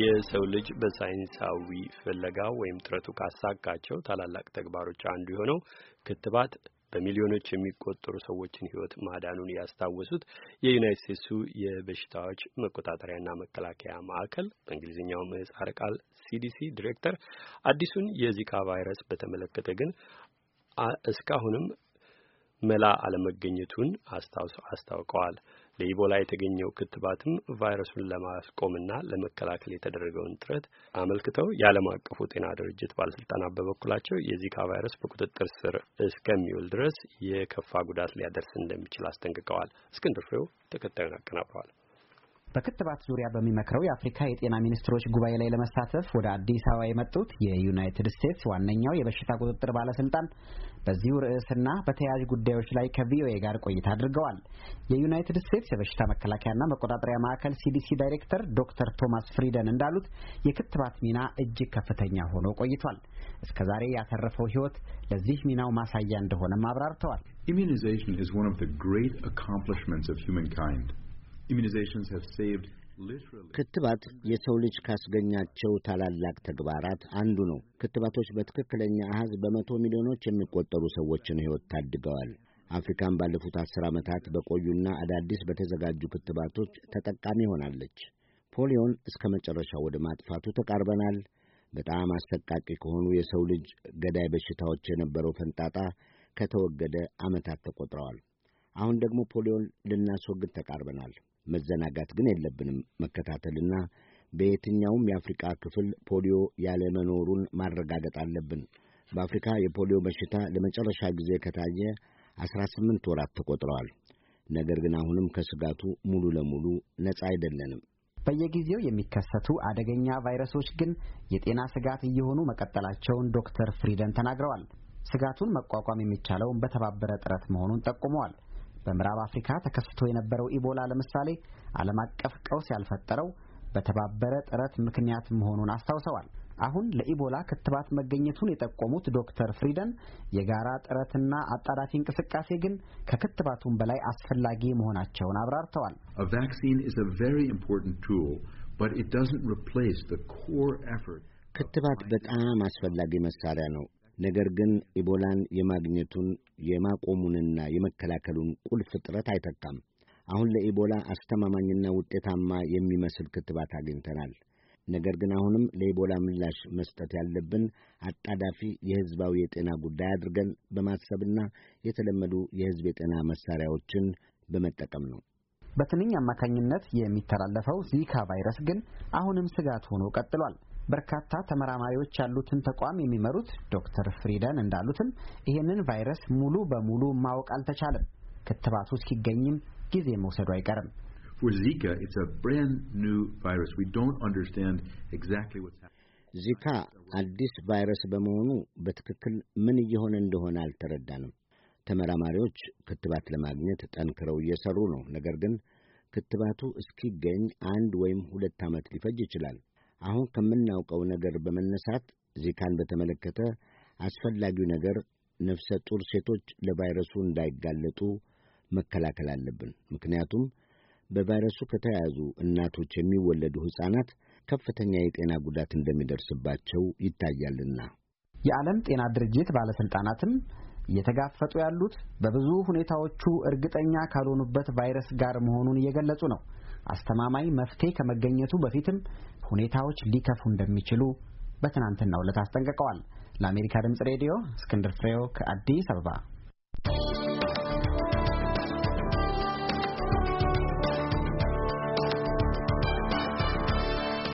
የሰው ልጅ በሳይንሳዊ ፍለጋው ወይም ጥረቱ ካሳካቸው ታላላቅ ተግባሮች አንዱ የሆነው ክትባት በሚሊዮኖች የሚቆጠሩ ሰዎችን ሕይወት ማዳኑን ያስታወሱት የዩናይት ስቴትሱ የበሽታዎች መቆጣጠሪያና መከላከያ ማዕከል በእንግሊዝኛው ምህጻረ ቃል ሲዲሲ ዲሬክተር አዲሱን የዚካ ቫይረስ በተመለከተ ግን እስካሁንም መላ አለመገኘቱን አስታውቀዋል። ለኢቦላ የተገኘው ክትባትም ቫይረሱን ለማስቆምና ለመከላከል የተደረገውን ጥረት አመልክተው የዓለም አቀፉ ጤና ድርጅት ባለስልጣናት በበኩላቸው የዚካ ቫይረስ በቁጥጥር ስር እስከሚውል ድረስ የከፋ ጉዳት ሊያደርስ እንደሚችል አስጠንቅቀዋል። እስክንድር ፍሬው ተከታዩን አቀናብረዋል። በክትባት ዙሪያ በሚመክረው የአፍሪካ የጤና ሚኒስትሮች ጉባኤ ላይ ለመሳተፍ ወደ አዲስ አበባ የመጡት የዩናይትድ ስቴትስ ዋነኛው የበሽታ ቁጥጥር ባለስልጣን በዚሁ ርዕስና በተያያዥ ጉዳዮች ላይ ከቪኦኤ ጋር ቆይታ አድርገዋል። የዩናይትድ ስቴትስ የበሽታ መከላከያና መቆጣጠሪያ ማዕከል ሲዲሲ ዳይሬክተር ዶክተር ቶማስ ፍሪደን እንዳሉት የክትባት ሚና እጅግ ከፍተኛ ሆኖ ቆይቷል። እስከዛሬ ያተረፈው ሕይወት ለዚህ ሚናው ማሳያ እንደሆነም አብራርተዋል። Immunization is one of the great accomplishments of humankind. ክትባት የሰው ልጅ ካስገኛቸው ታላላቅ ተግባራት አንዱ ነው። ክትባቶች በትክክለኛ አሃዝ በመቶ ሚሊዮኖች የሚቆጠሩ ሰዎችን ሕይወት ታድገዋል። አፍሪካን ባለፉት አስር ዓመታት በቆዩና አዳዲስ በተዘጋጁ ክትባቶች ተጠቃሚ ሆናለች። ፖሊዮን እስከ መጨረሻው ወደ ማጥፋቱ ተቃርበናል። በጣም አሰቃቂ ከሆኑ የሰው ልጅ ገዳይ በሽታዎች የነበረው ፈንጣጣ ከተወገደ ዓመታት ተቆጥረዋል። አሁን ደግሞ ፖሊዮን ልናስወግድ ተቃርበናል። መዘናጋት ግን የለብንም መከታተልና በየትኛውም የአፍሪቃ ክፍል ፖሊዮ ያለመኖሩን ማረጋገጥ አለብን። በአፍሪካ የፖሊዮ በሽታ ለመጨረሻ ጊዜ ከታየ አስራ ስምንት ወራት ተቆጥረዋል። ነገር ግን አሁንም ከስጋቱ ሙሉ ለሙሉ ነጻ አይደለንም። በየጊዜው የሚከሰቱ አደገኛ ቫይረሶች ግን የጤና ስጋት እየሆኑ መቀጠላቸውን ዶክተር ፍሪደን ተናግረዋል። ስጋቱን መቋቋም የሚቻለውን በተባበረ ጥረት መሆኑን ጠቁመዋል። በምዕራብ አፍሪካ ተከስቶ የነበረው ኢቦላ ለምሳሌ ዓለም አቀፍ ቀውስ ያልፈጠረው በተባበረ ጥረት ምክንያት መሆኑን አስታውሰዋል። አሁን ለኢቦላ ክትባት መገኘቱን የጠቆሙት ዶክተር ፍሪደን የጋራ ጥረትና አጣዳፊ እንቅስቃሴ ግን ከክትባቱም በላይ አስፈላጊ መሆናቸውን አብራርተዋል። ክትባት በጣም አስፈላጊ መሳሪያ ነው ነገር ግን ኢቦላን የማግኘቱን የማቆሙንና የመከላከሉን ቁልፍ ጥረት አይተካም። አሁን ለኢቦላ አስተማማኝና ውጤታማ የሚመስል ክትባት አግኝተናል። ነገር ግን አሁንም ለኢቦላ ምላሽ መስጠት ያለብን አጣዳፊ የሕዝባዊ የጤና ጉዳይ አድርገን በማሰብና የተለመዱ የሕዝብ የጤና መሳሪያዎችን በመጠቀም ነው። በትንኝ አማካኝነት የሚተላለፈው ዚካ ቫይረስ ግን አሁንም ስጋት ሆኖ ቀጥሏል። በርካታ ተመራማሪዎች ያሉትን ተቋም የሚመሩት ዶክተር ፍሪደን እንዳሉትም ይህንን ቫይረስ ሙሉ በሙሉ ማወቅ አልተቻለም። ክትባቱ እስኪገኝም ጊዜ መውሰዱ አይቀርም። ዚካ አዲስ ቫይረስ በመሆኑ በትክክል ምን እየሆነ እንደሆነ አልተረዳንም። ተመራማሪዎች ክትባት ለማግኘት ጠንክረው እየሰሩ ነው። ነገር ግን ክትባቱ እስኪገኝ አንድ ወይም ሁለት ዓመት ሊፈጅ ይችላል። አሁን ከምናውቀው ነገር በመነሳት ዚካን በተመለከተ አስፈላጊው ነገር ነፍሰ ጡር ሴቶች ለቫይረሱ እንዳይጋለጡ መከላከል አለብን። ምክንያቱም በቫይረሱ ከተያያዙ እናቶች የሚወለዱ ሕፃናት ከፍተኛ የጤና ጉዳት እንደሚደርስባቸው ይታያልና። የዓለም ጤና ድርጅት ባለሥልጣናትም እየተጋፈጡ ያሉት በብዙ ሁኔታዎቹ እርግጠኛ ካልሆኑበት ቫይረስ ጋር መሆኑን እየገለጹ ነው። አስተማማኝ መፍትሄ ከመገኘቱ በፊትም ሁኔታዎች ሊከፉ እንደሚችሉ በትናንትናው ዕለት አስጠንቅቀዋል። ለአሜሪካ ድምፅ ሬዲዮ እስክንድር ፍሬው ከአዲስ አበባ